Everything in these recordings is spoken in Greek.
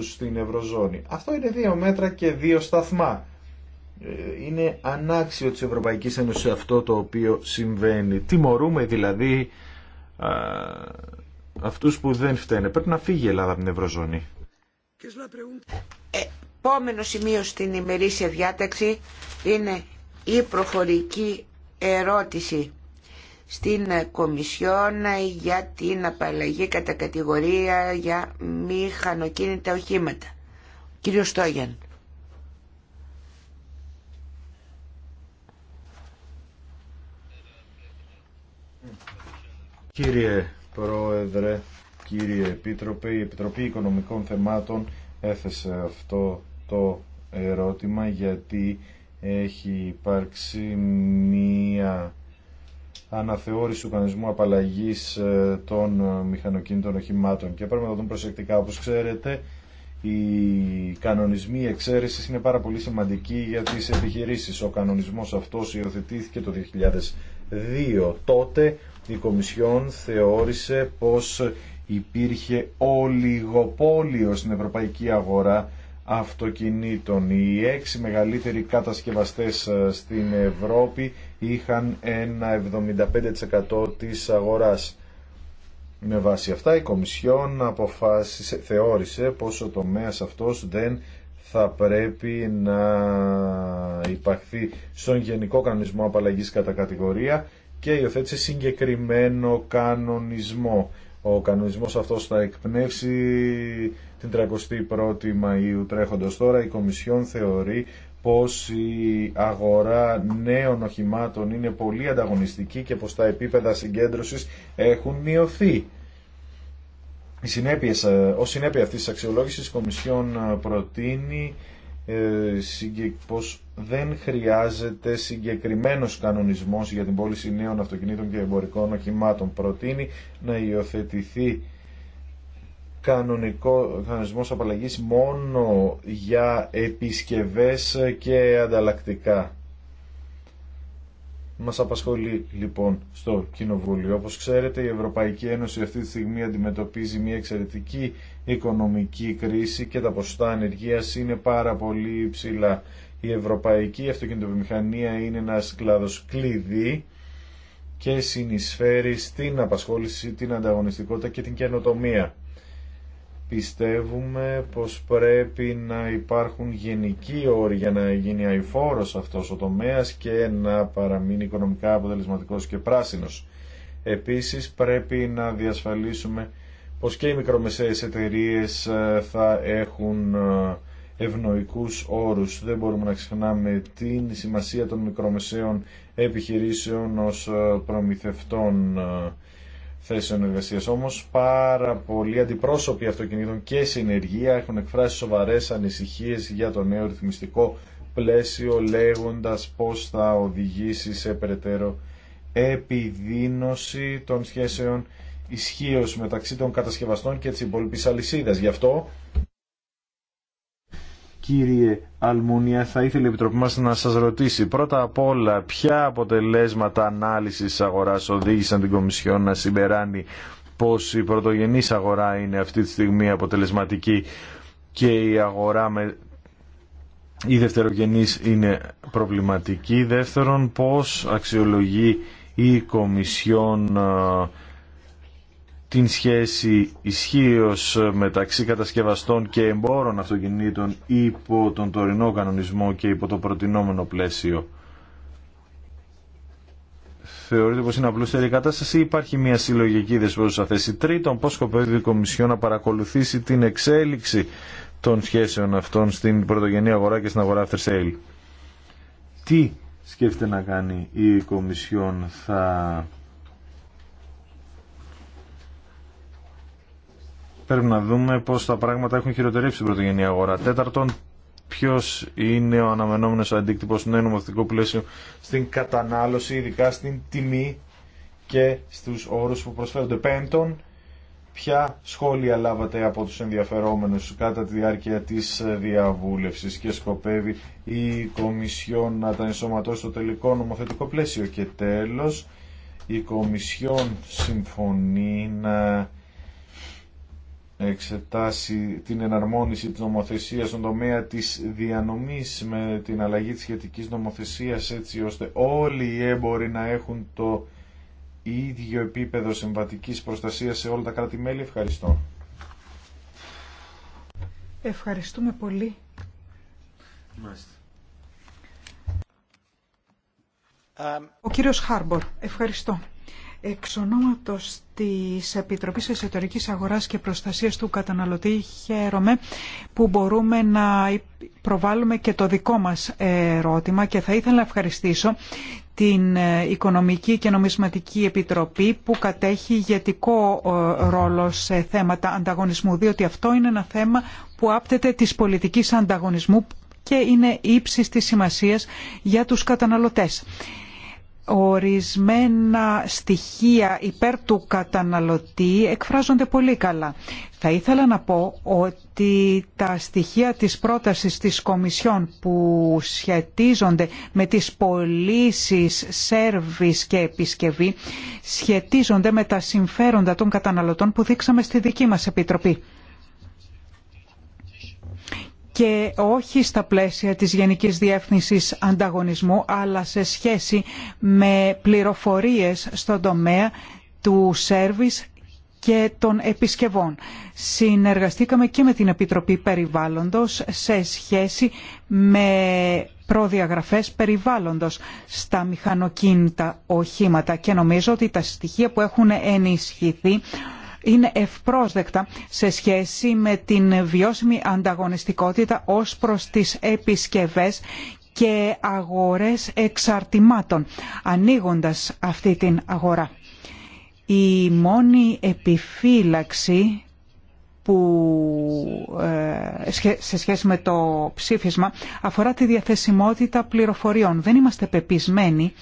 στην Ευρωζώνη. Αυτό είναι δύο μέτρα και δύο σταθμά. Ε, είναι ανάξιο της Ευρωπαϊκής Ένωσης αυτό το οποίο συμβαίνει. Τιμωρούμε δηλαδή α, αυτούς που δεν φταίνε. Πρέπει να φύγει η Ελλάδα από την Ευρωζώνη. Ε, επόμενο σημείο στην ημερήσια διάταξη είναι η προφορική ερώτηση στην Κομισιόν για την απαλλαγή κατά κατηγορία για μηχανοκίνητα οχήματα. Κύριο Στόγιαν. Κύριε Πρόεδρε, κύριε Επίτροπε, η Επιτροπή Οικονομικών Θεμάτων έθεσε αυτό το ερώτημα γιατί έχει υπάρξει μία αναθεώρηση του κανονισμού απαλλαγής ε, των ε, μηχανοκίνητων οχημάτων. Και πρέπει να το δούμε προσεκτικά. Όπως ξέρετε, οι κανονισμοί εξαίρεση είναι πάρα πολύ σημαντικοί για τι επιχειρήσει. Ο κανονισμός αυτός υιοθετήθηκε το 2002. Τότε η Κομισιόν θεώρησε πως υπήρχε ολιγοπόλιο στην ευρωπαϊκή αγορά αυτοκινήτων. Οι έξι μεγαλύτεροι κατασκευαστές ε, στην Ευρώπη είχαν ένα 75% της αγοράς. Με βάση αυτά η Κομισιόν αποφάσισε, θεώρησε πως ο τομέας αυτός δεν θα πρέπει να υπαχθεί στον Γενικό Κανονισμό Απαλλαγής κατά κατηγορία και υιοθέτησε συγκεκριμένο κανονισμό. Ο κανονισμός αυτός θα εκπνεύσει την 31η Μαΐου τρέχοντος τώρα, η Κομισιόν θεωρεί πως η αγορά νέων οχημάτων είναι πολύ ανταγωνιστική και πως τα επίπεδα συγκέντρωσης έχουν μειωθεί. Οι συνέπειες, ε, ως συνέπεια αυτής της αξιολόγησης η Κομισιόν ε, προτείνει ε, πως δεν χρειάζεται συγκεκριμένος κανονισμός για την πώληση νέων αυτοκινήτων και εμπορικών οχημάτων. Προτείνει να υιοθετηθεί κανονικό κανονισμό απαλλαγής μόνο για επισκευές και ανταλλακτικά. Μας απασχολεί λοιπόν στο Κοινοβούλιο. Όπως ξέρετε η Ευρωπαϊκή Ένωση αυτή τη στιγμή αντιμετωπίζει μια εξαιρετική οικονομική κρίση και τα ποσοστά ανεργία είναι πάρα πολύ υψηλά. Η ευρωπαϊκή αυτοκινητοβιομηχανία είναι ένα κλάδο κλειδί και συνεισφέρει στην απασχόληση, την ανταγωνιστικότητα και την καινοτομία. Πιστεύουμε πως πρέπει να υπάρχουν γενικοί όροι για να γίνει αηφόρος αυτός ο τομέας και να παραμείνει οικονομικά αποτελεσματικός και πράσινος. Επίσης πρέπει να διασφαλίσουμε πως και οι μικρομεσαίες εταιρείε ε, θα έχουν ε, ευνοϊκούς όρους. Δεν μπορούμε να ξεχνάμε την σημασία των μικρομεσαίων επιχειρήσεων ως ε, προμηθευτών θέσεων εργασίας. Όμως πάρα πολλοί αντιπρόσωποι αυτοκινήτων και συνεργεία έχουν εκφράσει σοβαρές ανησυχίες για το νέο ρυθμιστικό πλαίσιο λέγοντας πως θα οδηγήσει σε περαιτέρω επιδίνωση των σχέσεων ισχύω μεταξύ των κατασκευαστών και της υπόλοιπης αλυσίδας. Γι' αυτό κύριε Αλμούνια, θα ήθελε η Επιτροπή μας να σας ρωτήσει πρώτα απ' όλα ποια αποτελέσματα ανάλυσης αγοράς οδήγησαν την Κομισιόν να συμπεράνει πως η πρωτογενής αγορά είναι αυτή τη στιγμή αποτελεσματική και η αγορά με... η δευτερογενής είναι προβληματική. Δεύτερον, πώς αξιολογεί η Κομισιόν την σχέση ισχύω μεταξύ κατασκευαστών και εμπόρων αυτοκινήτων υπό τον τωρινό κανονισμό και υπό το προτινόμενο πλαίσιο. Θεωρείτε πως είναι απλούστερη η κατάσταση ή υπάρχει μια συλλογική δεσπόζουσα θέση. Τρίτον, πώς σκοπεύει η Κομισιό να παρακολουθήσει την εξέλιξη των σχέσεων αυτών στην πρωτογενή αγορά και στην αγορά after sale. Τι σκέφτεται να κάνει η Κομισιόν θα πρέπει να δούμε πώς τα πράγματα έχουν χειροτερεύσει την πρωτογενή αγορά. Τέταρτον, ποιο είναι ο αναμενόμενο αντίκτυπο του νέου νομοθετικού πλαίσιου στην κατανάλωση, ειδικά στην τιμή και στου όρου που προσφέρονται. Πέμπτον, ποια σχόλια λάβατε από του ενδιαφερόμενου κατά τη διάρκεια τη διαβούλευση και σκοπεύει η Κομισιόν να τα ενσωματώσει στο τελικό νομοθετικό πλαίσιο. Και τέλο, η Κομισιόν συμφωνεί να εξετάσει την εναρμόνιση της νομοθεσίας στον τομέα της διανομής με την αλλαγή της σχετικής νομοθεσίας έτσι ώστε όλοι οι έμποροι να έχουν το ίδιο επίπεδο συμβατικής προστασίας σε όλα τα κράτη-μέλη. Ευχαριστώ. Ευχαριστούμε πολύ. Ο κύριος Χάρμπορ, ευχαριστώ. Εξ της Επιτροπής Εσωτερικής Αγοράς και Προστασίας του Καταναλωτή χαίρομαι που μπορούμε να προβάλλουμε και το δικό μας ερώτημα και θα ήθελα να ευχαριστήσω την Οικονομική και Νομισματική Επιτροπή που κατέχει ηγετικό ε, ρόλο σε θέματα ανταγωνισμού διότι αυτό είναι ένα θέμα που άπτεται της πολιτικής ανταγωνισμού και είναι ύψης της σημασίας για τους καταναλωτές ορισμένα στοιχεία υπέρ του καταναλωτή εκφράζονται πολύ καλά. Θα ήθελα να πω ότι τα στοιχεία της πρότασης της Κομισιόν που σχετίζονται με τις πωλήσει σέρβις και επισκευή σχετίζονται με τα συμφέροντα των καταναλωτών που δείξαμε στη δική μας Επιτροπή και όχι στα πλαίσια της Γενικής Διεύθυνσης Ανταγωνισμού, αλλά σε σχέση με πληροφορίες στον τομέα του σέρβις και των επισκευών. Συνεργαστήκαμε και με την Επιτροπή Περιβάλλοντος σε σχέση με προδιαγραφές περιβάλλοντος στα μηχανοκίνητα οχήματα και νομίζω ότι τα στοιχεία που έχουν ενισχυθεί είναι ευπρόσδεκτα σε σχέση με την βιώσιμη ανταγωνιστικότητα ως προς τις επισκευές και αγορές εξαρτημάτων, ανοίγοντας αυτή την αγορά. Η μόνη επιφύλαξη που ε, σε σχέση με το ψήφισμα αφορά τη διαθεσιμότητα πληροφοριών. Δεν είμαστε πεπισμένοι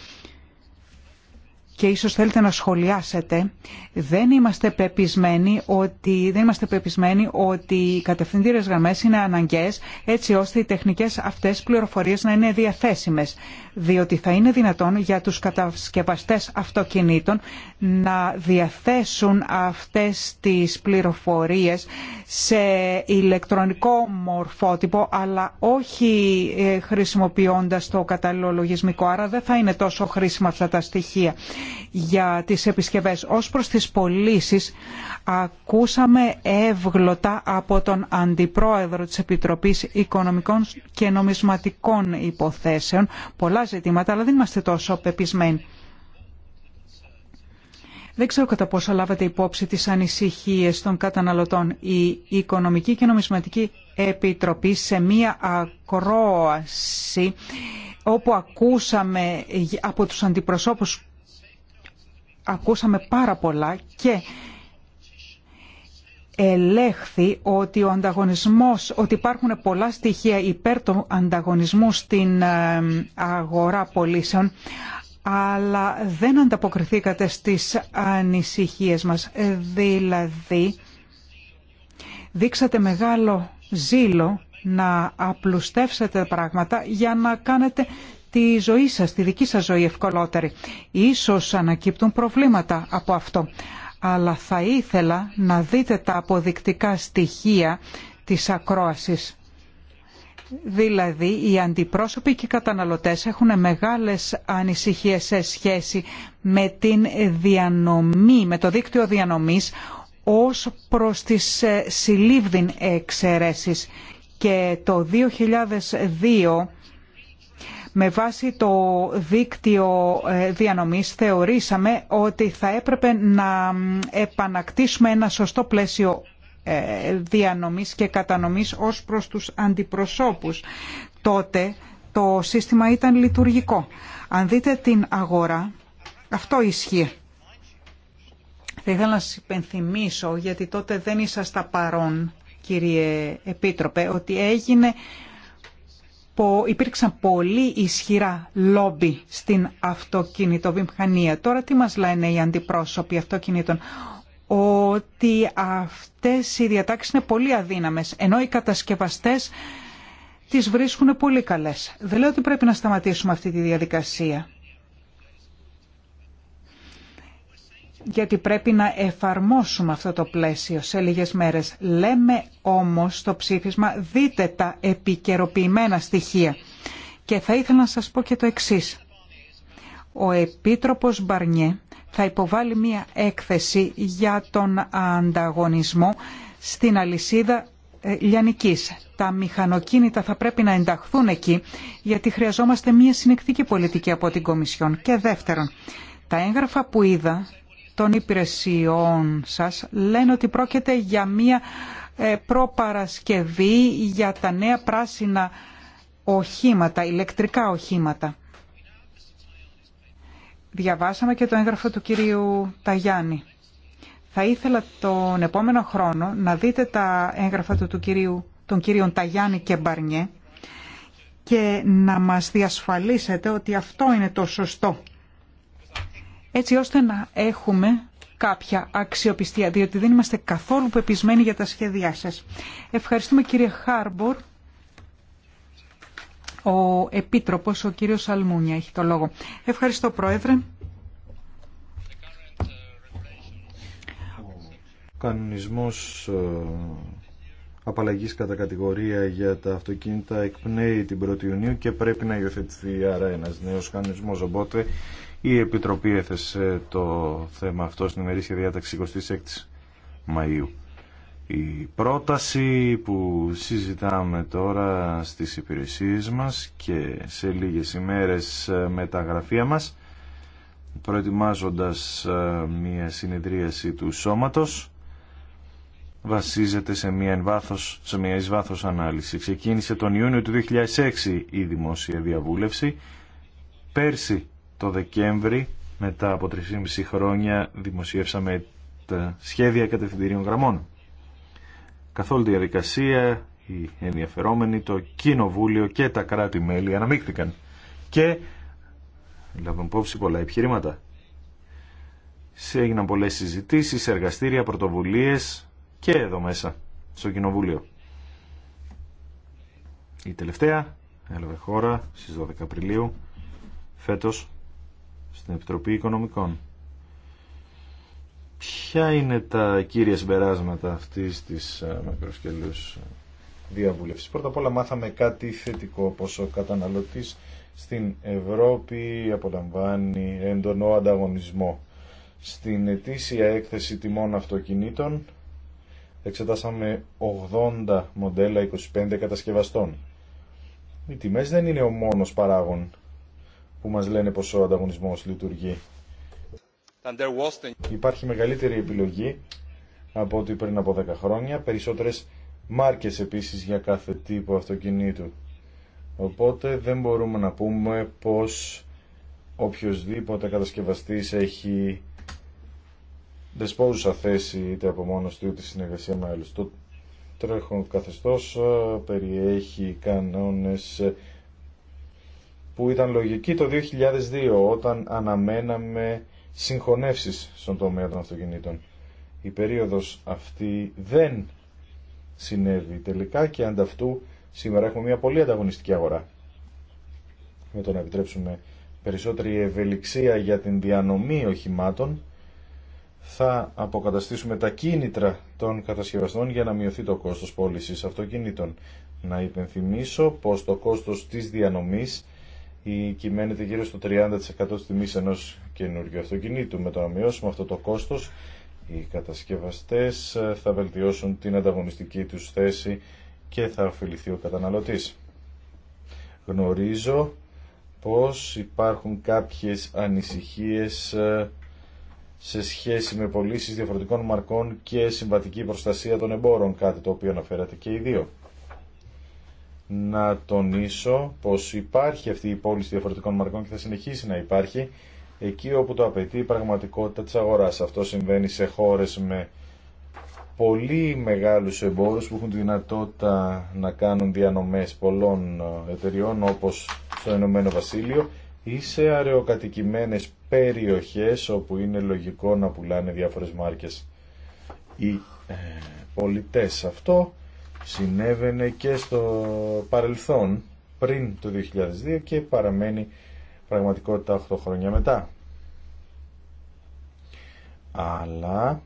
και ίσως θέλετε να σχολιάσετε, δεν είμαστε πεπισμένοι ότι, δεν είμαστε πεπισμένοι ότι οι κατευθυντήρες γραμμές είναι αναγκαίες έτσι ώστε οι τεχνικές αυτές πληροφορίες να είναι διαθέσιμες. Διότι θα είναι δυνατόν για τους κατασκευαστές αυτοκινήτων να διαθέσουν αυτές τις πληροφορίες σε ηλεκτρονικό μορφότυπο αλλά όχι ε, χρησιμοποιώντας το καταλληλολογισμικό. Άρα δεν θα είναι τόσο χρήσιμα αυτά τα στοιχεία για τις επισκευές. Ως προς τις πωλήσει, ακούσαμε εύγλωτα από τον Αντιπρόεδρο της Επιτροπής Οικονομικών και Νομισματικών Υποθέσεων πολλά ζητήματα, αλλά δεν είμαστε τόσο πεπισμένοι. Δεν ξέρω κατά πόσο λάβατε υπόψη τις ανησυχίες των καταναλωτών. Η Οικονομική και Νομισματική Επιτροπή σε μία ακρόαση όπου ακούσαμε από τους αντιπροσώπους ακούσαμε πάρα πολλά και ελέγχθη ότι ο ανταγωνισμός, ότι υπάρχουν πολλά στοιχεία υπέρ του ανταγωνισμού στην ε, αγορά πωλήσεων, αλλά δεν ανταποκριθήκατε στις ανησυχίες μας. Ε, δηλαδή, δείξατε μεγάλο ζήλο να απλουστεύσετε πράγματα για να κάνετε τη ζωή σας, τη δική σας ζωή ευκολότερη. Ίσως ανακύπτουν προβλήματα από αυτό. Αλλά θα ήθελα να δείτε τα αποδεικτικά στοιχεία της ακρόασης. Δηλαδή, οι αντιπρόσωποι και οι καταναλωτές έχουν μεγάλες ανησυχίες σε σχέση με την διανομή, με το δίκτυο διανομής ως προς τις ε, συλλήβδην εξαιρέσεις. Και το 2002 με βάση το δίκτυο ε, διανομής θεωρήσαμε ότι θα έπρεπε να επανακτήσουμε ένα σωστό πλαίσιο ε, διανομής και κατανομής ως προς τους αντιπροσώπους. Τότε το σύστημα ήταν λειτουργικό. Αν δείτε την αγορά, αυτό ισχύει. Θα ήθελα να σας υπενθυμίσω, γιατί τότε δεν ήσασταν παρόν, κύριε Επίτροπε, ότι έγινε υπήρξαν πολύ ισχυρά λόμπι στην αυτοκινητοβιομηχανία. Τώρα τι μας λένε οι αντιπρόσωποι αυτοκινήτων ότι αυτές οι διατάξεις είναι πολύ αδύναμες, ενώ οι κατασκευαστές τις βρίσκουν πολύ καλές. Δεν λέω ότι πρέπει να σταματήσουμε αυτή τη διαδικασία. γιατί πρέπει να εφαρμόσουμε αυτό το πλαίσιο σε λίγες μέρες. Λέμε όμως στο ψήφισμα δείτε τα επικαιροποιημένα στοιχεία. Και θα ήθελα να σας πω και το εξής. Ο Επίτροπος Μπαρνιέ θα υποβάλει μία έκθεση για τον ανταγωνισμό στην αλυσίδα ε, λιανικής. Τα μηχανοκίνητα θα πρέπει να ενταχθούν εκεί γιατί χρειαζόμαστε μία συνεκτική πολιτική από την Κομισιόν. Και δεύτερον, τα έγγραφα που είδα των υπηρεσιών σας λένε ότι πρόκειται για μία ε, προπαρασκευή για τα νέα πράσινα οχήματα, ηλεκτρικά οχήματα. Διαβάσαμε και το έγγραφο του κυρίου Ταγιάννη. Θα ήθελα τον επόμενο χρόνο να δείτε τα έγγραφα του, του κυρίου, των κυρίων Ταγιάννη και Μπαρνιέ και να μας διασφαλίσετε ότι αυτό είναι το σωστό έτσι ώστε να έχουμε κάποια αξιοπιστία, διότι δεν είμαστε καθόλου πεπισμένοι για τα σχέδιά σας. Ευχαριστούμε κύριε Χάρμπορ. Ο Επίτροπος, ο κύριος Σαλμούνια, έχει το λόγο. Ευχαριστώ Πρόεδρε. κανονισμός ε, απαλλαγής κατά κατηγορία για τα αυτοκίνητα εκπνέει την 1η Ιουνίου και πρέπει να υιοθετηθεί άρα ένας νέος κανονισμός. Οπότε η Επιτροπή έθεσε το θέμα αυτό στην ημερήσια διάταξη 26 Μαΐου. Η πρόταση που συζητάμε τώρα στις υπηρεσίες μας και σε λίγες ημέρες με τα γραφεία μας προετοιμάζοντας ε, μια συνεδρίαση του σώματος βασίζεται σε μια, εμβάθος, σε μια εισβάθος ανάλυση. Ξεκίνησε τον Ιούνιο του 2006 η δημόσια διαβούλευση. Πέρσι το Δεκέμβρη, μετά από 3,5 χρόνια, δημοσιεύσαμε τα σχέδια κατευθυντηρίων γραμμών. Καθ' όλη τη διαδικασία, οι ενδιαφερόμενοι, το Κοινοβούλιο και τα κράτη-μέλη αναμίχθηκαν. Και λάβουν υπόψη πολλά επιχειρήματα. Σε έγιναν πολλές συζητήσεις, εργαστήρια, πρωτοβουλίες, και εδώ μέσα, στο Κοινοβούλιο. Η τελευταία έλαβε χώρα στις 12 Απριλίου φέτος στην Επιτροπή Οικονομικών. Ποια είναι τα κύρια συμπεράσματα αυτής της ε, μακροσκελούς ε, διαβούλευσης. Πρώτα απ' όλα μάθαμε κάτι θετικό, πως ο καταναλωτής στην Ευρώπη απολαμβάνει έντονο ανταγωνισμό. Στην ετήσια έκθεση τιμών αυτοκινήτων εξετάσαμε 80 μοντέλα 25 κατασκευαστών. Οι τιμέ δεν είναι ο μόνος παράγων που μας λένε πω ο ανταγωνισμό λειτουργεί. Υπάρχει μεγαλύτερη επιλογή από ό,τι πριν από 10 χρόνια, περισσότερες μάρκες επίσης για κάθε τύπο αυτοκινήτου. Οπότε δεν μπορούμε να πούμε πως οποιοδήποτε κατασκευαστής έχει δεσπόζουσα θέση είτε από μόνο του είτε συνεργασία με άλλου. Το τρέχον καθεστώς ε, περιέχει κανόνε ε, που ήταν λογική το 2002 όταν αναμέναμε συγχωνεύσει στον τομέα των αυτοκινήτων. Η περίοδο αυτή δεν συνέβη τελικά και ανταυτού σήμερα έχουμε μια πολύ ανταγωνιστική αγορά. Με το να επιτρέψουμε περισσότερη ευελιξία για την διανομή οχημάτων θα αποκαταστήσουμε τα κίνητρα των κατασκευαστών για να μειωθεί το κόστος πώλησης αυτοκινήτων. Να υπενθυμίσω πως το κόστος της διανομής κυμαίνεται γύρω στο 30% της τιμής ενός καινούργιου αυτοκινήτου. Με το να μειώσουμε αυτό το κόστος, οι κατασκευαστές ε, θα βελτιώσουν την ανταγωνιστική τους θέση και θα ωφεληθεί ο καταναλωτής. Γνωρίζω πως υπάρχουν κάποιες ανησυχίες ε, σε σχέση με πωλήσει διαφορετικών μαρκών και συμβατική προστασία των εμπόρων, κάτι το οποίο αναφέρατε και οι δύο. Να τονίσω πως υπάρχει αυτή η πώληση διαφορετικών μαρκών και θα συνεχίσει να υπάρχει εκεί όπου το απαιτεί η πραγματικότητα της αγοράς. Αυτό συμβαίνει σε χώρες με πολύ μεγάλους εμπόρους που έχουν τη δυνατότητα να κάνουν διανομές πολλών εταιριών όπως στο Ηνωμένο Βασίλειο ή σε αραιοκατοικημένες περιοχές όπου είναι λογικό να πουλάνε διάφορες μάρκες οι ε, πολιτές. Αυτό συνέβαινε και στο παρελθόν πριν το 2002 και παραμένει πραγματικότητα 8 χρόνια μετά. Αλλά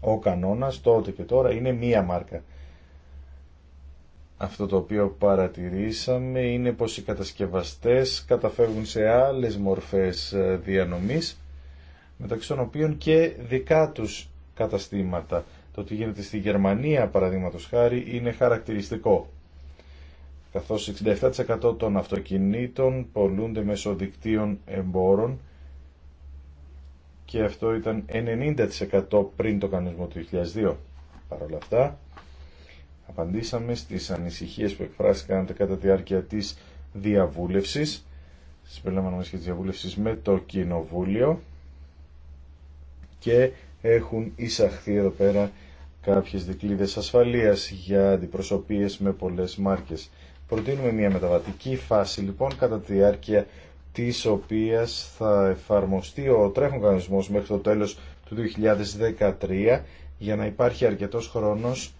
ο κανόνας τότε και τώρα είναι μία μάρκα. Αυτό το οποίο παρατηρήσαμε είναι πως οι κατασκευαστές καταφεύγουν σε άλλες μορφές ε, διανομής, μεταξύ των οποίων και δικά τους καταστήματα. Το τι γίνεται στη Γερμανία, παραδείγματο χάρη, είναι χαρακτηριστικό. Καθώς 67% των αυτοκινήτων πολλούνται μέσω δικτύων εμπόρων και αυτό ήταν 90% πριν το κανονισμό του 2002. Παρ' όλα αυτά, Απαντήσαμε στις ανησυχίες που εκφράστηκαν κατά τη διάρκεια της διαβούλευσης, συμπεριλαμβανομένης και τη διαβούλευση με το Κοινοβούλιο και έχουν εισαχθεί εδώ πέρα κάποιες δικλείδες ασφαλείας για αντιπροσωπείες με πολλές μάρκες. Προτείνουμε μια μεταβατική φάση λοιπόν κατά τη διάρκεια της οποίας θα εφαρμοστεί ο τρέχον κανονισμός μέχρι το τέλος του 2013 για να υπάρχει αρκετός χρόνος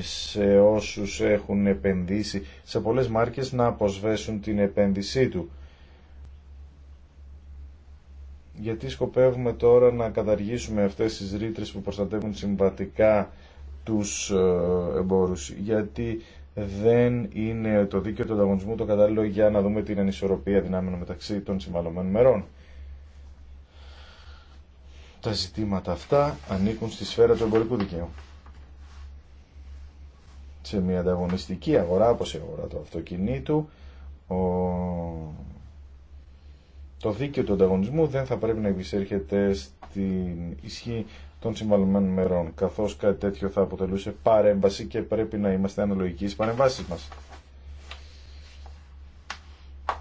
σε όσους έχουν επενδύσει σε πολλές μάρκες να αποσβέσουν την επένδυσή του. Γιατί σκοπεύουμε τώρα να καταργήσουμε αυτές τις ρήτρε που προστατεύουν συμβατικά τους ε, εμπόρους. Γιατί δεν είναι το δίκαιο του ανταγωνισμού το κατάλληλο για να δούμε την ανισορροπία δυνάμεων μεταξύ των συμβαλωμένων μερών. Τα ζητήματα αυτά ανήκουν στη σφαίρα του εμπορικού δικαίου σε μια ανταγωνιστική αγορά όπως η αγορά του αυτοκινήτου ο... το δίκαιο του ανταγωνισμού δεν θα πρέπει να επισέρχεται στην ισχύ των συμβαλωμένων μερών καθώς κάτι τέτοιο θα αποτελούσε παρέμβαση και πρέπει να είμαστε αναλογικοί στις παρεμβάσεις μας.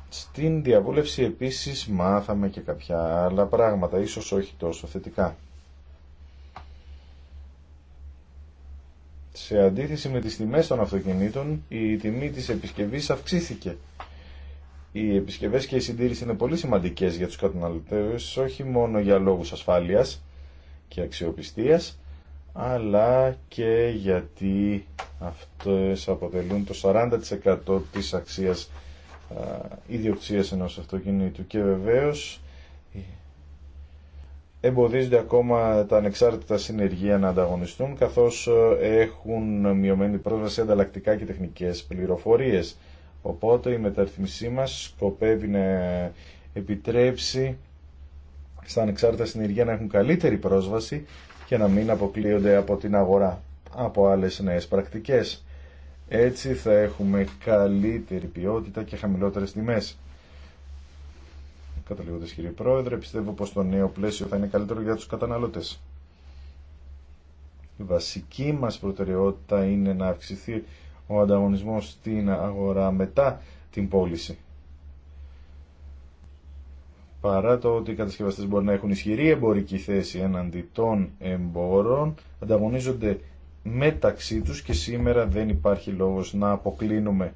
Στην διαβούλευση επίσης μάθαμε και κάποια άλλα πράγματα, ίσως όχι τόσο θετικά. Σε αντίθεση με τις τιμές των αυτοκινήτων, η τιμή της επισκευής αυξήθηκε. Οι επισκευές και η συντήρηση είναι πολύ σημαντικές για τους καταναλωτές, όχι μόνο για λόγους ασφάλειας και αξιοπιστίας, αλλά και γιατί αυτές αποτελούν το 40% της αξίας α, ιδιοκτησίας ενός αυτοκινήτου. Και βεβαίως εμποδίζονται ακόμα τα ανεξάρτητα συνεργεία να ανταγωνιστούν καθώς ε, έχουν μειωμένη πρόσβαση σε ανταλλακτικά και τεχνικές πληροφορίες. Οπότε η μεταρρυθμισή μας σκοπεύει να επιτρέψει στα ανεξάρτητα συνεργεία να έχουν καλύτερη πρόσβαση και να μην αποκλείονται από την αγορά από άλλες νέες πρακτικές. Έτσι θα έχουμε καλύτερη ποιότητα και χαμηλότερες τιμές. Καταλήγοντα, κύριε Πρόεδρε, πιστεύω πως το νέο πλαίσιο θα είναι καλύτερο για τους καταναλωτές. Η βασική μας προτεραιότητα είναι να αυξηθεί ο ανταγωνισμός στην αγορά μετά την πώληση. Παρά το ότι οι κατασκευαστέ μπορεί να έχουν ισχυρή εμπορική θέση έναντι των εμπόρων, ανταγωνίζονται μεταξύ τους και σήμερα δεν υπάρχει λόγο να αποκλίνουμε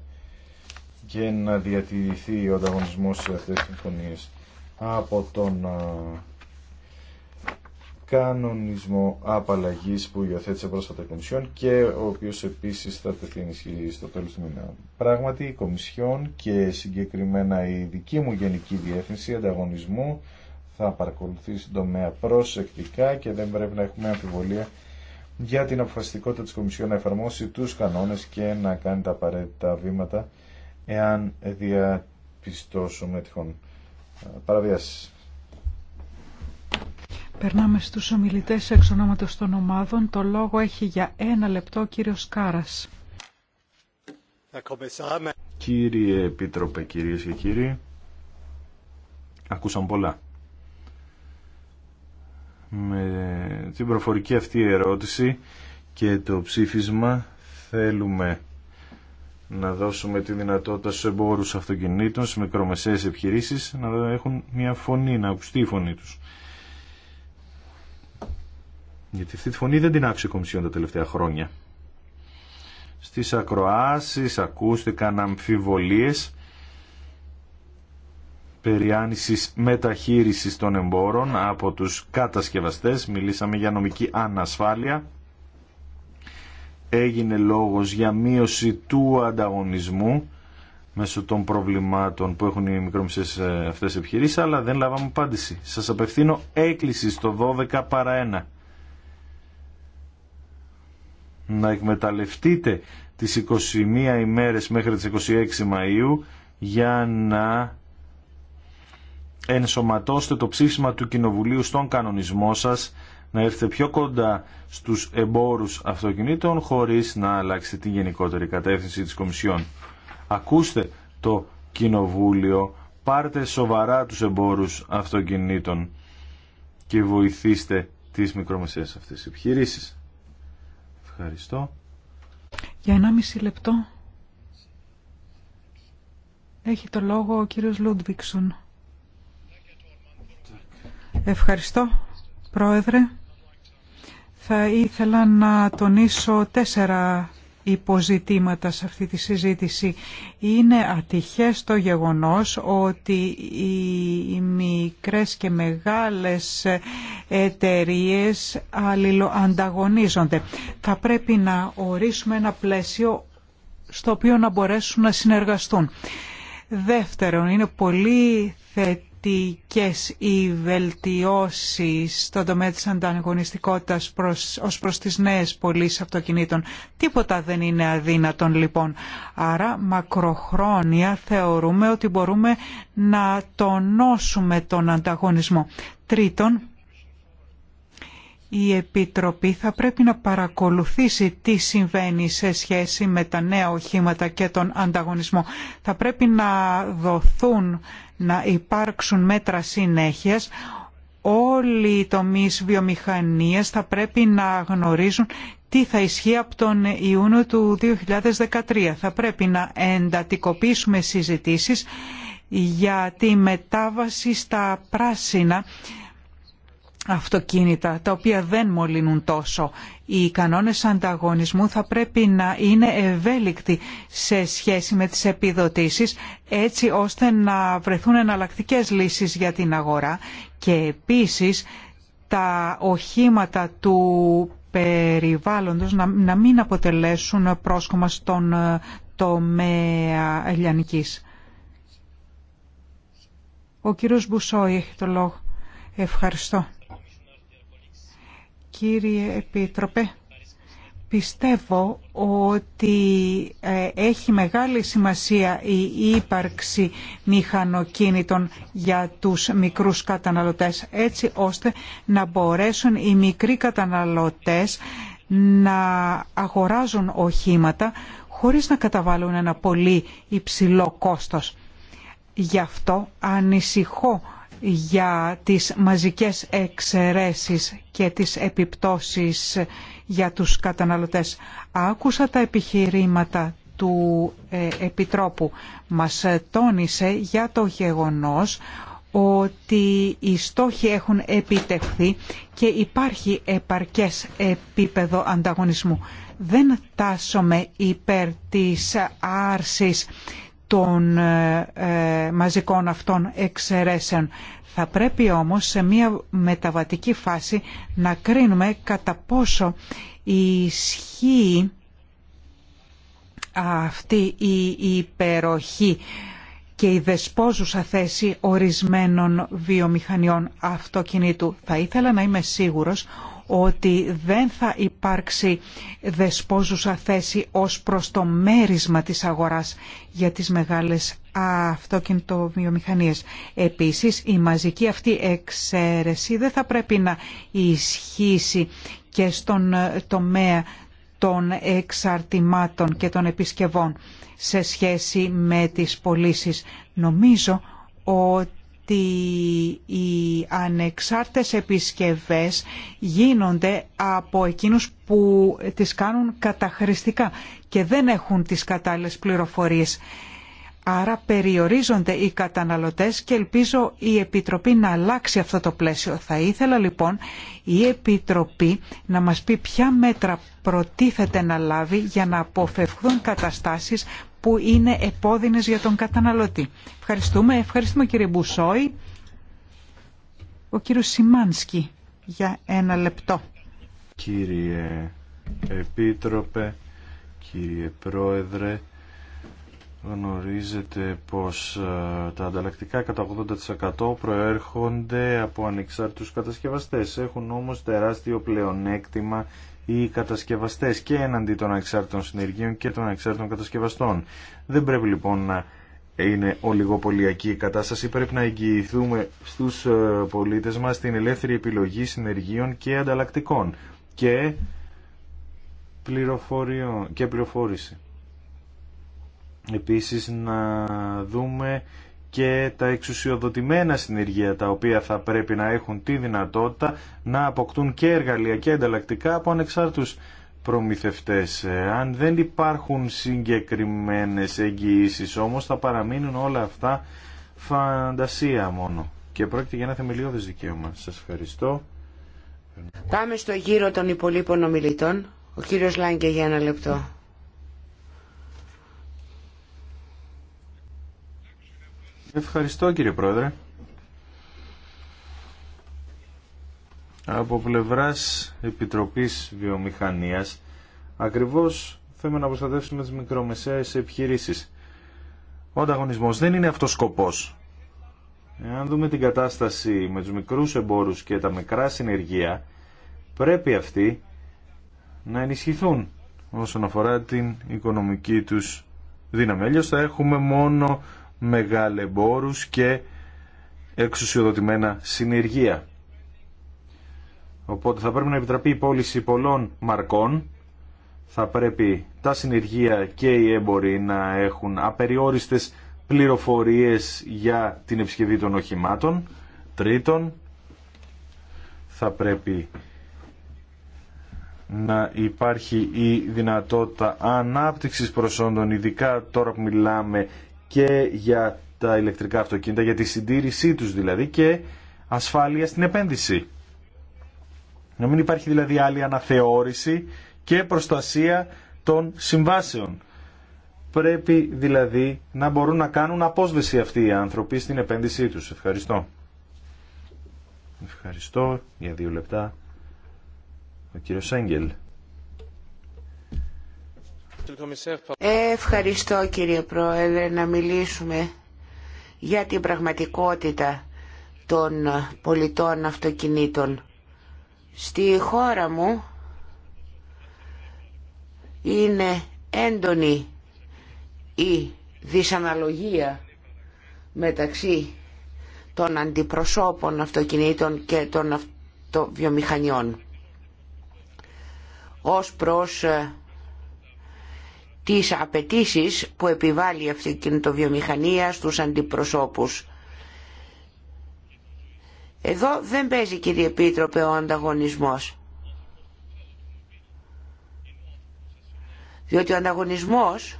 και να διατηρηθεί ο ανταγωνισμός σε αυτές τις συμφωνίες από τον κανονισμό απαλλαγή που υιοθέτησε πρόσφατα η Κομισιόν και ο οποίο επίση θα τεθεί ενισχύ στο τέλο του μήνα. Πράγματι, η Κομισιόν και συγκεκριμένα η δική μου Γενική Διεύθυνση Ανταγωνισμού θα παρακολουθήσει στην τομέα προσεκτικά και δεν πρέπει να έχουμε αμφιβολία για την αποφασιστικότητα της Κομισιόν να εφαρμόσει τους κανόνες και να κάνει τα απαραίτητα βήματα εάν διαπιστώσουμε τυχόν παραβιάσεις. Περνάμε στους ομιλητές εξ ονόματος των ομάδων. Το λόγο έχει για ένα λεπτό ο κύριος Κάρας. Κύριε Επίτροπε, κυρίες και κύριοι, ακούσαμε πολλά. Με την προφορική αυτή ερώτηση και το ψήφισμα θέλουμε να δώσουμε τη δυνατότητα στους εμπόρους αυτοκινήτων, στις μικρομεσαίες επιχειρήσεις να έχουν μια φωνή, να ακουστεί η φωνή τους. Γιατί αυτή τη φωνή δεν την άκουσε η Κομισιόν τα τελευταία χρόνια. Στις ακροάσεις ακούστηκαν αμφιβολίες περί άνησης μεταχείρισης των εμπόρων από τους κατασκευαστές. Μιλήσαμε για νομική ανασφάλεια έγινε λόγος για μείωση του ανταγωνισμού μέσω των προβλημάτων που έχουν οι μικρομισές ε, αυτές επιχειρήσεις, αλλά δεν λάβαμε απάντηση. Σας απευθύνω έκκληση στο 12 παρά 1. Να εκμεταλλευτείτε τις 21 ημέρες μέχρι τις 26 Μαΐου για να ενσωματώσετε το ψήφισμα του Κοινοβουλίου στον κανονισμό σας να έρθετε πιο κοντά στους εμπόρους αυτοκινήτων χωρίς να αλλάξει την γενικότερη κατεύθυνση της Κομισιόν. Ακούστε το Κοινοβούλιο, πάρτε σοβαρά τους εμπόρους αυτοκινήτων και βοηθήστε τις μικρομεσαίες αυτές τις επιχειρήσεις. Ευχαριστώ. Για μισή λεπτό έχει το λόγο ο κύριος Λούντβικσον. Ευχαριστώ, Πρόεδρε. Θα ήθελα να τονίσω τέσσερα υποζητήματα σε αυτή τη συζήτηση. Είναι ατυχές το γεγονός ότι οι μικρές και μεγάλες εταιρείες αλληλοανταγωνίζονται. Θα πρέπει να ορίσουμε ένα πλαίσιο στο οποίο να μπορέσουν να συνεργαστούν. Δεύτερον, είναι πολύ θετικό οι βελτιώσεις στον τομέα της ανταγωνιστικότητας προς, ως προς τις νέες πωλήσει αυτοκινήτων. Τίποτα δεν είναι αδύνατον λοιπόν. Άρα μακροχρόνια θεωρούμε ότι μπορούμε να τονώσουμε τον ανταγωνισμό. Τρίτον, η Επιτροπή θα πρέπει να παρακολουθήσει τι συμβαίνει σε σχέση με τα νέα οχήματα και τον ανταγωνισμό. Θα πρέπει να δοθούν, να υπάρξουν μέτρα συνέχειας. Όλοι οι τομείς βιομηχανίας θα πρέπει να γνωρίζουν τι θα ισχύει από τον Ιούνιο του 2013. Θα πρέπει να εντατικοποιήσουμε συζητήσεις για τη μετάβαση στα πράσινα αυτοκίνητα τα οποία δεν μολυνούν τόσο. Οι κανόνες ανταγωνισμού θα πρέπει να είναι ευέλικτοι σε σχέση με τις επιδοτήσεις έτσι ώστε να βρεθούν εναλλακτικές λύσεις για την αγορά και επίσης τα οχήματα του περιβάλλοντος να, μην αποτελέσουν πρόσκομα στον ε, τομέα ελιανικής. Ο κύριος Μπουσόη έχει το λόγο. Ευχαριστώ. Κύριε Επίτροπε, πιστεύω ότι ε, έχει μεγάλη σημασία η ύπαρξη μηχανοκίνητων για τους μικρούς καταναλωτές, έτσι ώστε να μπορέσουν οι μικροί καταναλωτές να αγοράζουν οχήματα χωρίς να καταβάλουν ένα πολύ υψηλό κόστος. Γι' αυτό ανησυχώ για τις μαζικές εξαιρέσεις και τις επιπτώσεις για τους καταναλωτές. Άκουσα τα επιχειρήματα του ε, Επιτρόπου. Μας τόνισε για το γεγονός ότι οι στόχοι έχουν επιτευχθεί και υπάρχει επαρκές επίπεδο ανταγωνισμού. Δεν τάσσομαι υπέρ της άρσης των ε, ε, μαζικών αυτών εξαιρέσεων. Θα πρέπει όμως σε μια μεταβατική φάση να κρίνουμε κατά πόσο ισχύει αυτή η υπεροχή και η δεσπόζουσα θέση ορισμένων βιομηχανιών αυτοκινήτου. Θα ήθελα να είμαι σίγουρος ότι δεν θα υπάρξει δεσπόζουσα θέση ως προς το μέρισμα της αγοράς για τις μεγάλες αυτοκινητοβιομηχανίες. Επίσης, η μαζική αυτή εξαίρεση δεν θα πρέπει να ισχύσει και στον τομέα των εξαρτημάτων και των επισκευών σε σχέση με τις πωλήσει. Νομίζω ότι ότι οι ανεξάρτητες επισκευές γίνονται από εκείνους που τις κάνουν καταχρηστικά και δεν έχουν τις κατάλληλες πληροφορίες. Άρα περιορίζονται οι καταναλωτές και ελπίζω η Επιτροπή να αλλάξει αυτό το πλαίσιο. Θα ήθελα λοιπόν η Επιτροπή να μας πει ποια μέτρα προτίθεται να λάβει για να αποφευχθούν καταστάσεις που είναι επώδυνες για τον καταναλωτή. Ευχαριστούμε. Ευχαριστούμε κύριε Μπουσόη. Ο κύριος Σιμάνσκι για ένα λεπτό. Κύριε Επίτροπε, κύριε Πρόεδρε, γνωρίζετε πως τα ανταλλακτικά κατά 80% προέρχονται από ανεξάρτητους κατασκευαστές. Έχουν όμως τεράστιο πλεονέκτημα οι κατασκευαστές και εναντί των ανεξάρτητων συνεργείων και των ανεξάρτητων κατασκευαστών. Δεν πρέπει λοιπόν να είναι ολιγοπολιακή η κατάσταση. Πρέπει να εγγυηθούμε στους ε, πολίτες μας την ελεύθερη επιλογή συνεργείων και ανταλλακτικών και, και πληροφόρηση. Επίσης να δούμε και τα εξουσιοδοτημένα συνεργεία τα οποία θα πρέπει να έχουν τη δυνατότητα να αποκτούν και εργαλεία και ανταλλακτικά από ανεξάρτητους προμηθευτές. Ε, αν δεν υπάρχουν συγκεκριμένες εγγυήσεις όμως θα παραμείνουν όλα αυτά φαντασία μόνο. Και πρόκειται για ένα θεμελιώδες δικαίωμα. Σας ευχαριστώ. Πάμε στο γύρο των υπολείπων ομιλητών. Ο κύριος Λάγκε για ένα λεπτό. Ευχαριστώ κύριε Πρόεδρε. Από πλευράς Επιτροπής Βιομηχανίας ακριβώς θέλουμε να προστατεύσουμε τις μικρομεσαίες επιχειρήσεις. Ο ανταγωνισμός δεν είναι αυτός σκοπός. Αν δούμε την κατάσταση με τους μικρούς εμπόρους και τα μικρά συνεργεία, πρέπει αυτοί να ενισχυθούν όσον αφορά την οικονομική τους δύναμη. θα έχουμε μόνο μεγαλεμπόρους και εξουσιοδοτημένα συνεργεία. Οπότε θα πρέπει να επιτραπεί η πώληση πολλών μαρκών, θα πρέπει τα συνεργεία και οι έμποροι να έχουν απεριόριστες πληροφορίες για την επισκευή των οχημάτων. Τρίτον, θα πρέπει να υπάρχει η δυνατότητα ανάπτυξης προσόντων, ειδικά τώρα που μιλάμε και για τα ηλεκτρικά αυτοκίνητα, για τη συντήρησή τους δηλαδή και ασφάλεια στην επένδυση. Να μην υπάρχει δηλαδή άλλη αναθεώρηση και προστασία των συμβάσεων. Πρέπει δηλαδή να μπορούν να κάνουν απόσβεση αυτοί οι άνθρωποι στην επένδυσή τους. Ευχαριστώ. Ευχαριστώ για δύο λεπτά. Ο κύριος Έγγελ. Ευχαριστώ κύριε Πρόεδρε να μιλήσουμε για την πραγματικότητα των πολιτών αυτοκινήτων. Στη χώρα μου είναι έντονη η δυσαναλογία μεταξύ των αντιπροσώπων αυτοκινήτων και των αυτοβιομηχανιών ως προς τις απαιτήσει που επιβάλλει αυτή η κινητοβιομηχανία στους αντιπροσώπους. Εδώ δεν παίζει κύριε Επίτροπε ο ανταγωνισμός. Διότι ο ανταγωνισμός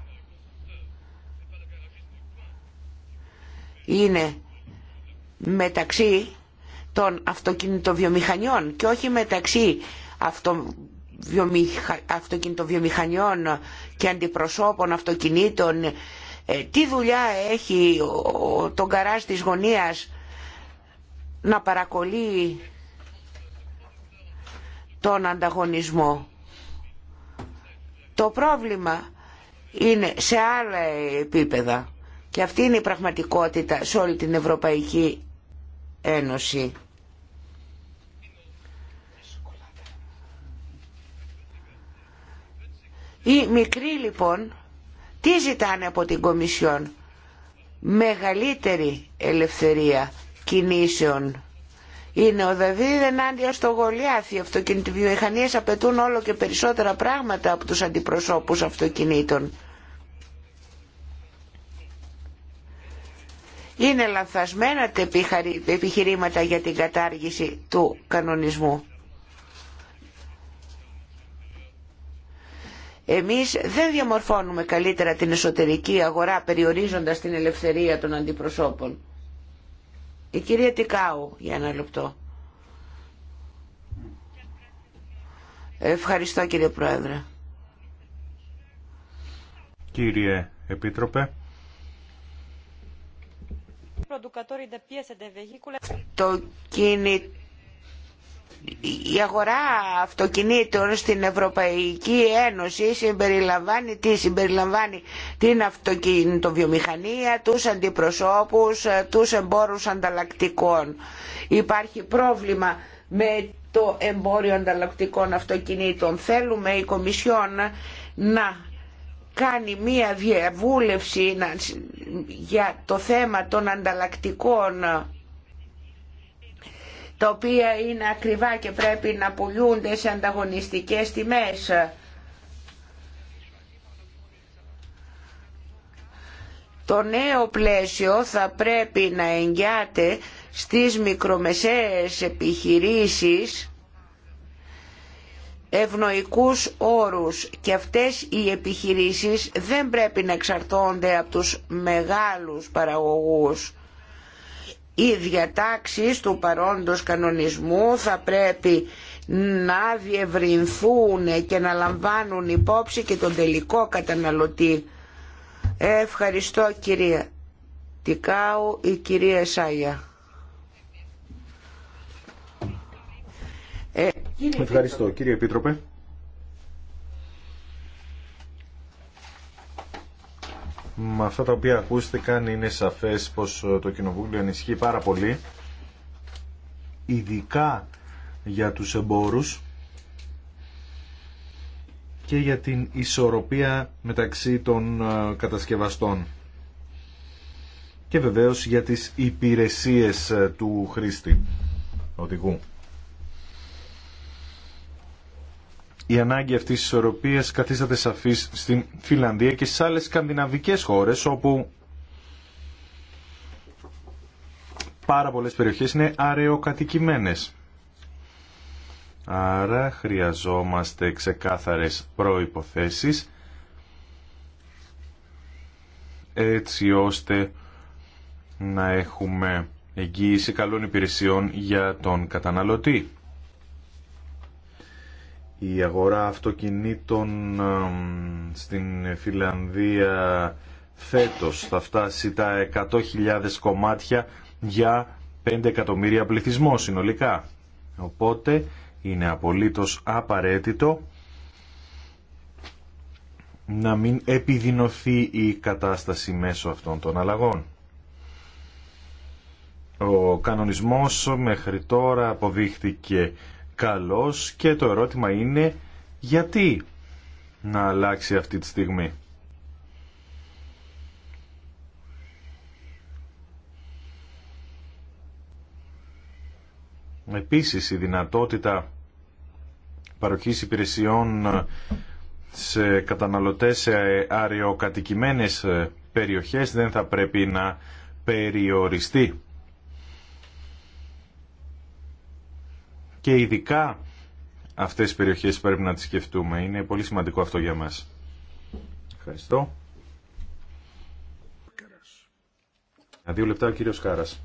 είναι μεταξύ των αυτοκινητοβιομηχανιών και όχι μεταξύ αυτο, αυτοκινητοβιομηχανιών και αντιπροσώπων αυτοκινήτων ε, τι δουλειά έχει το γκαράζ της γωνίας να παρακολεί τον ανταγωνισμό. Το πρόβλημα είναι σε άλλα επίπεδα και αυτή είναι η πραγματικότητα σε όλη την Ευρωπαϊκή Ένωση. Οι μικροί λοιπόν τι ζητάνε από την Κομισιόν. Μεγαλύτερη ελευθερία κινήσεων. Είναι ο Δαβίδ ενάντια στο Γολιάθι. Οι αυτοκινητοβιομηχανίες απαιτούν όλο και περισσότερα πράγματα από τους αντιπροσώπους αυτοκινήτων. Είναι λανθασμένα τα επιχειρήματα για την κατάργηση του κανονισμού. Εμείς δεν διαμορφώνουμε καλύτερα την εσωτερική αγορά περιορίζοντας την ελευθερία των αντιπροσώπων. Η κυρία Τικάου, για ένα λεπτό. Ευχαριστώ κύριε Πρόεδρε. Κύριε Επίτροπε. Το κινητό η αγορά αυτοκινήτων στην Ευρωπαϊκή Ένωση συμπεριλαμβάνει τι συμπεριλαμβάνει την αυτοκινητοβιομηχανία, τους αντιπροσώπους, ε, τους εμπόρους ανταλλακτικών. Υπάρχει πρόβλημα με το εμπόριο ανταλλακτικών αυτοκινήτων. Θέλουμε η Κομισιόν να κάνει μία διαβούλευση για το θέμα των ανταλλακτικών τα οποία είναι ακριβά και πρέπει να πουλούνται σε ανταγωνιστικές τιμές. Το νέο πλαίσιο θα πρέπει να εγγυάται στις μικρομεσαίες επιχειρήσεις ευνοϊκούς όρους και αυτές οι επιχειρήσεις δεν πρέπει να εξαρτώνται από τους μεγάλους παραγωγούς οι διατάξεις του παρόντος κανονισμού θα πρέπει να διευρυνθούν και να λαμβάνουν υπόψη και τον τελικό καταναλωτή. Ευχαριστώ κυρία Τικάου, η κυρία Σάγια. Ε, Ευχαριστώ κύριε Επίτροπε. με αυτά τα οποία ακούστηκαν είναι σαφές πως ε, το Κοινοβούλιο ενισχύει πάρα πολύ ειδικά για τους εμπόρους και για την ισορροπία μεταξύ των ε, κατασκευαστών και βεβαίως για τις υπηρεσίες ε, του χρήστη οδηγού. η ανάγκη αυτής της ισορροπίας καθίσταται σαφής στην Φιλανδία και στις άλλες σκανδιναβικές χώρες όπου πάρα πολλές περιοχές είναι αραιοκατοικημένες. Άρα χρειαζόμαστε ξεκάθαρες προϋποθέσεις έτσι ώστε να έχουμε εγγύηση καλών υπηρεσιών για τον καταναλωτή η αγορά αυτοκινήτων στην Φιλανδία φέτος θα φτάσει τα 100.000 κομμάτια για 5 εκατομμύρια πληθυσμό συνολικά. Οπότε είναι απολύτως απαραίτητο να μην επιδεινωθεί η κατάσταση μέσω αυτών των αλλαγών. Ο κανονισμός μέχρι τώρα αποδείχθηκε καλός και το ερώτημα είναι γιατί να αλλάξει αυτή τη στιγμή. Επίσης η δυνατότητα παροχής υπηρεσιών σε καταναλωτές σε αριοκατοικημένες περιοχές δεν θα πρέπει να περιοριστεί. και ειδικά αυτές τις περιοχές πρέπει να τις σκεφτούμε. Είναι πολύ σημαντικό αυτό για μας. Ευχαριστώ. Να δύο λεπτά ο κύριος Κάρας.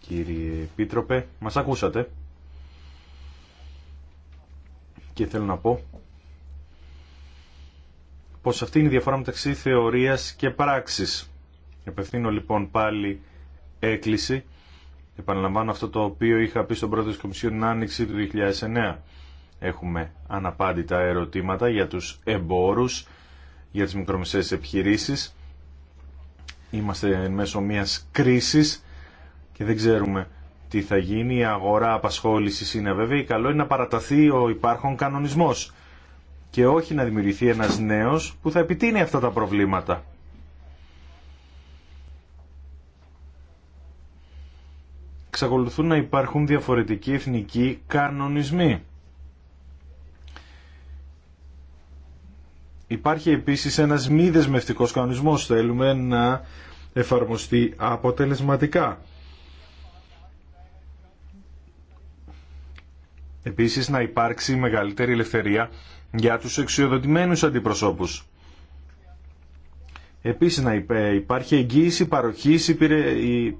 Κύριε Επίτροπε, μας ακούσατε. Και θέλω να πω πως αυτή είναι η διαφορά μεταξύ θεωρίας και πράξης. Επευθύνω λοιπόν πάλι έκκληση Επαναλαμβάνω αυτό το οποίο είχα πει στον πρόεδρο της Κομισιόν άνοιξη του 2009. Έχουμε αναπάντητα ερωτήματα για τους εμπόρους, για τις μικρομεσαίες επιχειρήσεις. Είμαστε μέσω μιας κρίσης και δεν ξέρουμε τι θα γίνει. Η αγορά απασχόλησης είναι βέβαιη. Καλό είναι να παραταθεί ο υπάρχον κανονισμός και όχι να δημιουργηθεί ένας νέος που θα επιτείνει αυτά τα προβλήματα. εξακολουθούν να υπάρχουν διαφορετικοί εθνικοί κανονισμοί. Υπάρχει επίσης ένας μη δεσμευτικός κανονισμός, θέλουμε να εφαρμοστεί αποτελεσματικά. Επίσης να υπάρξει μεγαλύτερη ελευθερία για τους εξιοδοτημένους αντιπροσώπους. Επίσης να υπάρχει εγγύηση παροχής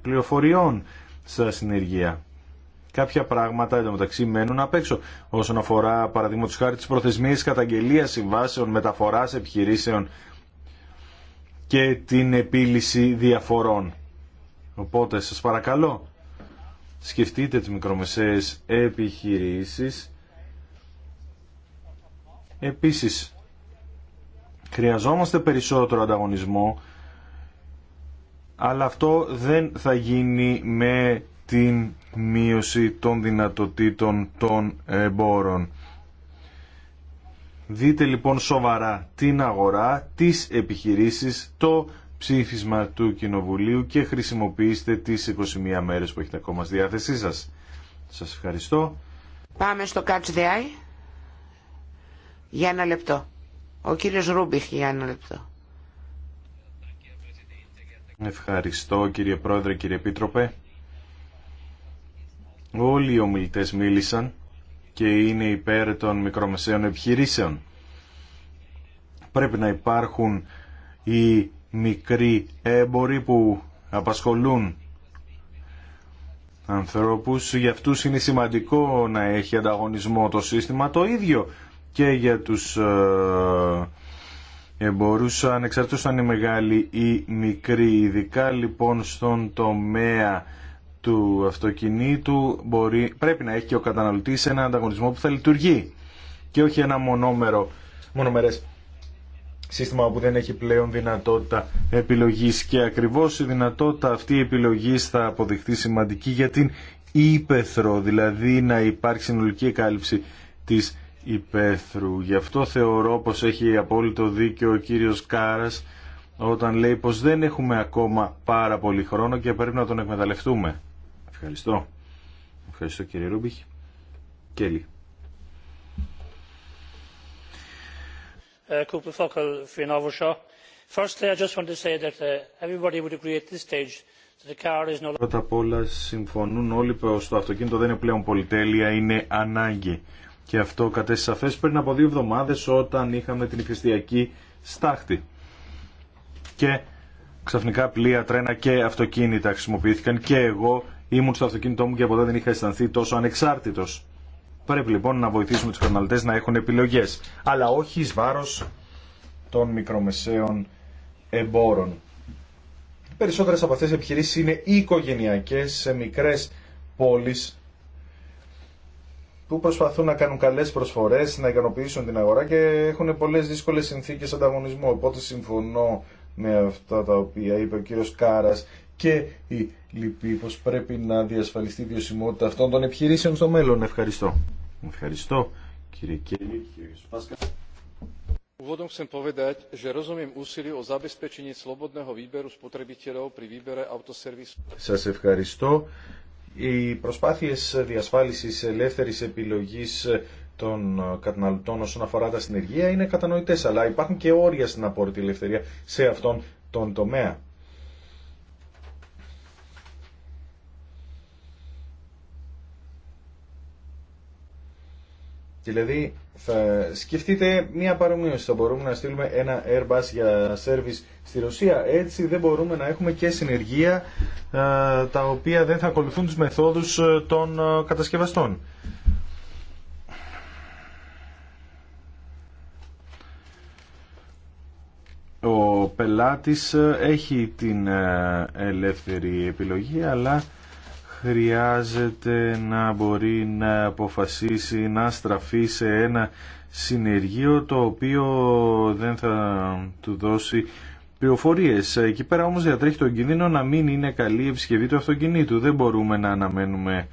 πληροφοριών στα συνεργεία. Κάποια πράγματα εντωμεταξύ μένουν απ' έξω όσον αφορά παραδείγματο χάρη τι προθεσμίε καταγγελία συμβάσεων, μεταφορά επιχειρήσεων και την επίλυση διαφορών. Οπότε σας παρακαλώ σκεφτείτε τις μικρομεσαίες επιχειρήσεις. Επίσης, χρειαζόμαστε περισσότερο ανταγωνισμό αλλά αυτό δεν θα γίνει με την μείωση των δυνατοτήτων των εμπόρων. Δείτε λοιπόν σοβαρά την αγορά, τις επιχειρήσεις, το ψήφισμα του Κοινοβουλίου και χρησιμοποιήστε τις 21 μέρες που έχετε ακόμα στη διάθεσή σας. Σας ευχαριστώ. Πάμε στο Catch the Eye. Για ένα λεπτό. Ο κύριος Ρούμπιχ για ένα λεπτό. Ευχαριστώ κύριε Πρόεδρε, κύριε Επίτροπε. Όλοι οι ομιλητές μίλησαν και είναι υπέρ των μικρομεσαίων επιχειρήσεων. Πρέπει να υπάρχουν οι μικροί έμποροι που απασχολούν ανθρώπους. Για αυτούς είναι σημαντικό να έχει ανταγωνισμό το σύστημα το ίδιο και για τους ε, εμπορούσα ανεξαρτήτως αν είναι μεγάλη ή μικρή. Ειδικά λοιπόν στον τομέα του αυτοκινήτου μπορεί, πρέπει να έχει και ο καταναλωτής ένα ανταγωνισμό που θα λειτουργεί και όχι ένα μονόμερο, μονομερές σύστημα που δεν έχει πλέον δυνατότητα επιλογής και ακριβώς η δυνατότητα αυτή επιλογής θα αποδειχθεί σημαντική για την ύπεθρο, δηλαδή να υπάρχει συνολική κάλυψη της υπαίθρου. Γι' αυτό θεωρώ πως έχει απόλυτο δίκιο ο κύριος Κάρας όταν λέει πως δεν έχουμε ακόμα πάρα πολύ χρόνο και πρέπει να τον εκμεταλλευτούμε. Ευχαριστώ. Ευχαριστώ κύριε Ρούμπιχ. Κέλλη. Πρώτα απ' όλα συμφωνούν όλοι πως το αυτοκίνητο δεν είναι πλέον πολυτέλεια, είναι ανάγκη. Και αυτό κατέστησε σαφέ πριν από δύο εβδομάδε όταν είχαμε την Χριστιακή στάχτη. Και ξαφνικά πλοία, τρένα και αυτοκίνητα χρησιμοποιήθηκαν και εγώ ήμουν στο αυτοκίνητό μου και ποτέ δεν είχα αισθανθεί τόσο ανεξάρτητο. Πρέπει λοιπόν να βοηθήσουμε του καταναλωτέ να έχουν επιλογέ. αλλά όχι ει βάρο των μικρομεσαίων εμπόρων. Περισσότερε από αυτέ οι επιχείρησει είναι οικογενειακέ σε μικρέ πόλει που προσπαθούν να κάνουν καλές προσφορές, να ικανοποιήσουν την αγορά και έχουν πολλές δύσκολες συνθήκες ανταγωνισμού. Οπότε συμφωνώ με αυτά τα οποία είπε ο κύριος Κάρας και η Λυπή πως πρέπει να διασφαλιστεί η βιωσιμότητα αυτών των επιχειρήσεων στο μέλλον. Ευχαριστώ. Ευχαριστώ κύριε Úvodom že rozumiem o autoservisu. Σας ευχαριστώ οι προσπάθειες διασφάλισης ελεύθερης επιλογής των καταναλωτών όσον αφορά τα συνεργεία είναι κατανοητές, αλλά υπάρχουν και όρια στην απόρριτη ελευθερία σε αυτόν τον τομέα. Δηλαδή θα σκεφτείτε μια παρομοίωση. Θα μπορούμε να στείλουμε ένα Airbus για service στη Ρωσία. Έτσι δεν μπορούμε να έχουμε και συνεργεία ε, τα οποία δεν θα ακολουθούν τις μεθόδους ε, των ε, κατασκευαστών. Ο πελάτης έχει την ελεύθερη επιλογή αλλά χρειάζεται να μπορεί να αποφασίσει να στραφεί σε ένα συνεργείο το οποίο δεν θα του δώσει πληροφορίε. Εκεί πέρα όμως διατρέχει τον κίνδυνο να μην είναι καλή η επισκευή του αυτοκινήτου. Δεν μπορούμε να αναμένουμε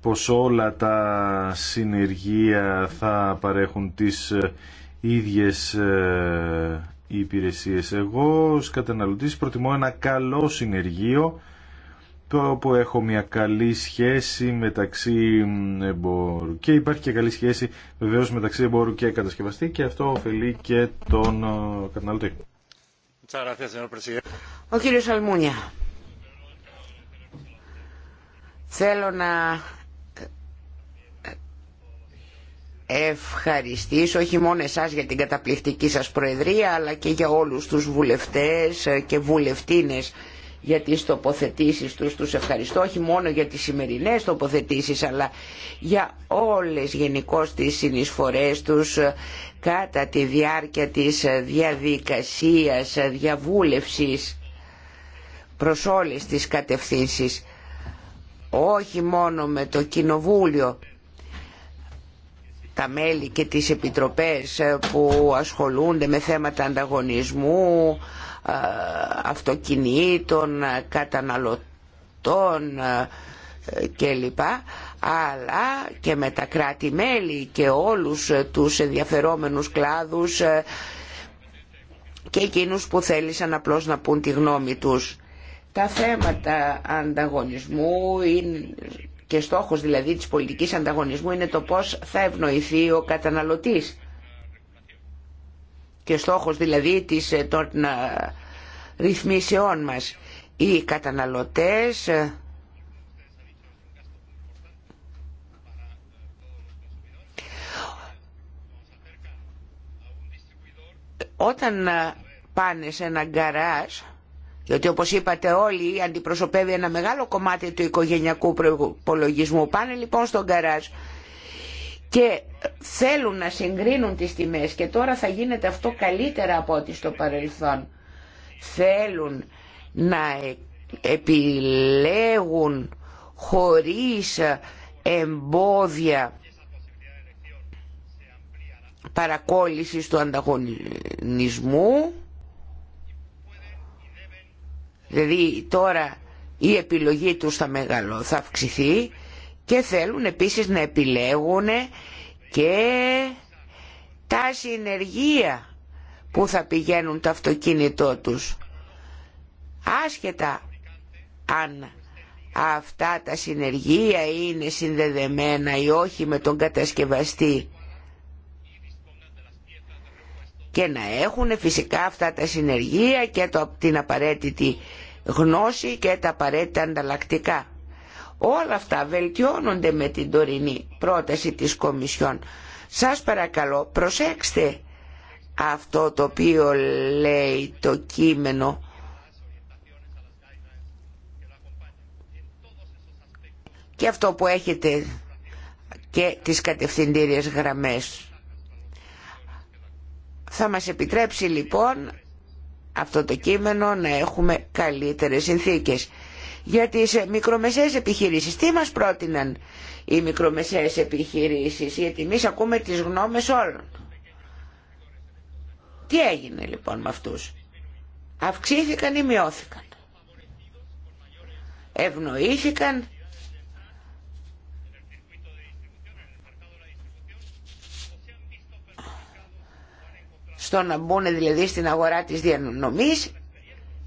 πως όλα τα συνεργεία θα παρέχουν τις ε, ίδιες ε, υπηρεσίες. Εγώ ως καταναλωτής προτιμώ ένα καλό συνεργείο το που έχω μια καλή σχέση μεταξύ εμπόρου και υπάρχει και καλή σχέση βεβαίως μεταξύ εμπόρου και κατασκευαστή και αυτό ωφελεί και τον καταναλωτή. Ο κύριος Αλμούνια. Θέλω να ε, ευχαριστήσω όχι μόνο εσάς για την καταπληκτική σας προεδρία αλλά και για όλους τους βουλευτές ε, και βουλευτίνες για τις τοποθετήσεις τους. Τους ευχαριστώ όχι μόνο για τις σημερινές τοποθετήσεις αλλά για όλες γενικώ τις συνεισφορές τους κατά τη διάρκεια της διαδικασίας διαβούλευσης προς όλες τις κατευθύνσεις όχι μόνο με το Κοινοβούλιο τα μέλη και τις επιτροπές ε, που ασχολούνται με θέματα ανταγωνισμού, ε, αυτοκινήτων, ε, καταναλωτών κλπ. Αλλά και με τα κράτη-μέλη και όλους τους ενδιαφερόμενους κλάδους και εκείνους που θέλησαν απλώς να πούν τη γνώμη τους. Τα θέματα ανταγωνισμού είναι και στόχος δηλαδή της πολιτικής ανταγωνισμού είναι το πώς θα ευνοηθεί ο καταναλωτής και στόχος δηλαδή της, ε, των ε, ρυθμίσεών μας. Οι καταναλωτές ε, όταν πάνε σε ένα γκαράζ διότι όπως είπατε όλοι αντιπροσωπεύει ένα μεγάλο κομμάτι του οικογενειακού προπολογισμού. Πάνε λοιπόν στον καράζ και θέλουν να συγκρίνουν τις τιμές και τώρα θα γίνεται αυτό καλύτερα από ό,τι στο παρελθόν. Θέλουν να επιλέγουν χωρίς εμπόδια παρακόλλησης του ανταγωνισμού Δηλαδή τώρα η επιλογή τους θα, μεγαλώ, θα αυξηθεί και θέλουν επίσης να επιλέγουν και τα συνεργεία που θα πηγαίνουν το αυτοκίνητό τους. Άσχετα αν αυτά τα συνεργεία είναι συνδεδεμένα ή όχι με τον κατασκευαστή και να έχουν φυσικά αυτά τα συνεργεία και το, την απαραίτητη γνώση και τα απαραίτητα ανταλλακτικά. Όλα αυτά βελτιώνονται με την τωρινή πρόταση της Κομισιόν. Σας παρακαλώ προσέξτε αυτό το οποίο λέει το κείμενο και αυτό που έχετε και τις κατευθυντήριες γραμμές. Θα μας επιτρέψει λοιπόν αυτό το κείμενο να έχουμε καλύτερες συνθήκες. Για τις μικρομεσαίες επιχειρήσεις, τι μας πρότειναν οι μικρομεσαίες επιχειρήσεις, γιατί εμεί ακούμε τις γνώμες όλων. Τι έγινε λοιπόν με αυτούς. Αυξήθηκαν ή μειώθηκαν. Ευνοήθηκαν στο να μπουν δηλαδή στην αγορά της διανομής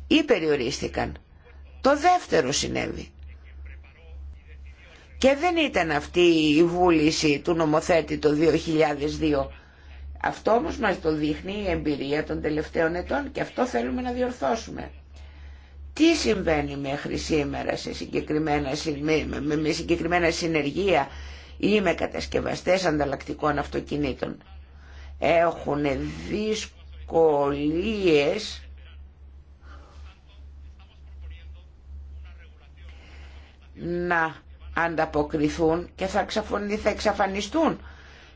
ή περιορίστηκαν. Το δεύτερο συνέβη. Και δεν ήταν αυτή η βούληση του νομοθέτη το 2002. Αυτό όμως μας το δείχνει η εμπειρία των τελευταίων ετών και αυτό θέλουμε να διορθώσουμε. Τι συμβαίνει μέχρι σήμερα σε συγκεκριμένα, με συγκεκριμένα συνεργεία ή με κατασκευαστές ανταλλακτικών αυτοκινήτων έχουν δυσκολίες να ανταποκριθούν και θα, εξαφανιστούν.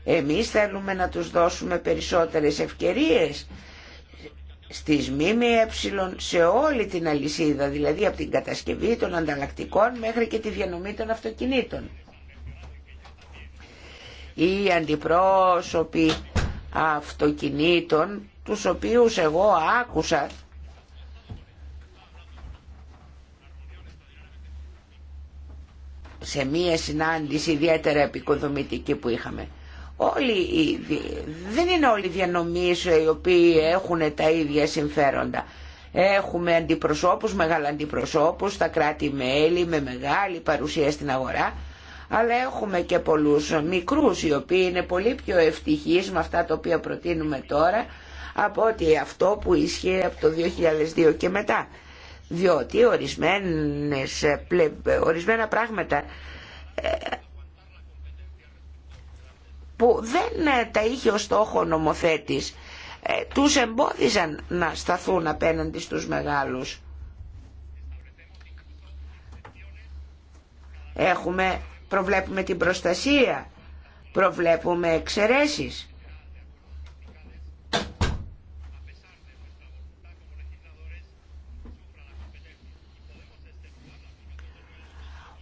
Εμείς θέλουμε να τους δώσουμε περισσότερες ευκαιρίες στις ΜΜΕ σε όλη την αλυσίδα, δηλαδή από την κατασκευή των ανταλλακτικών μέχρι και τη διανομή των αυτοκινήτων. Οι αντιπρόσωποι αυτοκινήτων τους οποίους εγώ άκουσα σε μία συνάντηση ιδιαίτερα επικοδομητική που είχαμε. Όλοι δεν είναι όλοι οι διανομείς οι οποίοι έχουν τα ίδια συμφέροντα. Έχουμε αντιπροσώπους, μεγάλα αντιπροσώπους, τα κράτη-μέλη με μεγάλη παρουσία στην αγορά αλλά έχουμε και πολλούς μικρούς οι οποίοι είναι πολύ πιο ευτυχείς με αυτά τα οποία προτείνουμε τώρα από ότι αυτό που ισχύει από το 2002 και μετά. Διότι ορισμένες, ορισμένα πράγματα ε, που δεν τα είχε ως στόχο νομοθέτης ε, τους εμπόδιζαν να σταθούν απέναντι στους μεγάλους. Έχουμε προβλέπουμε την προστασία, προβλέπουμε εξαιρέσεις.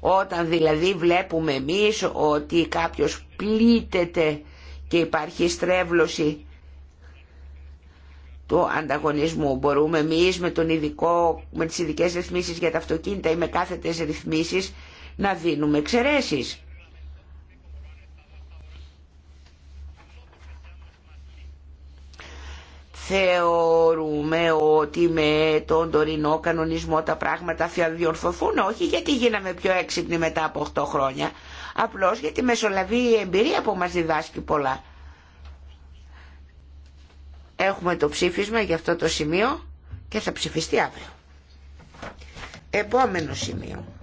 Όταν δηλαδή βλέπουμε εμείς ότι κάποιος πλήτεται και υπάρχει στρέβλωση του ανταγωνισμού. Μπορούμε εμείς με, τον ειδικό, με τις ειδικές ρυθμίσεις για τα αυτοκίνητα ή με κάθετες ρυθμίσεις να δίνουμε εξαιρέσεις. θεωρούμε ότι με τον τωρινό κανονισμό τα πράγματα θα διορθωθούν, όχι γιατί γίναμε πιο έξυπνοι μετά από 8 χρόνια, απλώς γιατί μεσολαβεί η εμπειρία που μας διδάσκει πολλά. Έχουμε το ψήφισμα για αυτό το σημείο και θα ψηφιστεί αύριο. Επόμενο σημείο.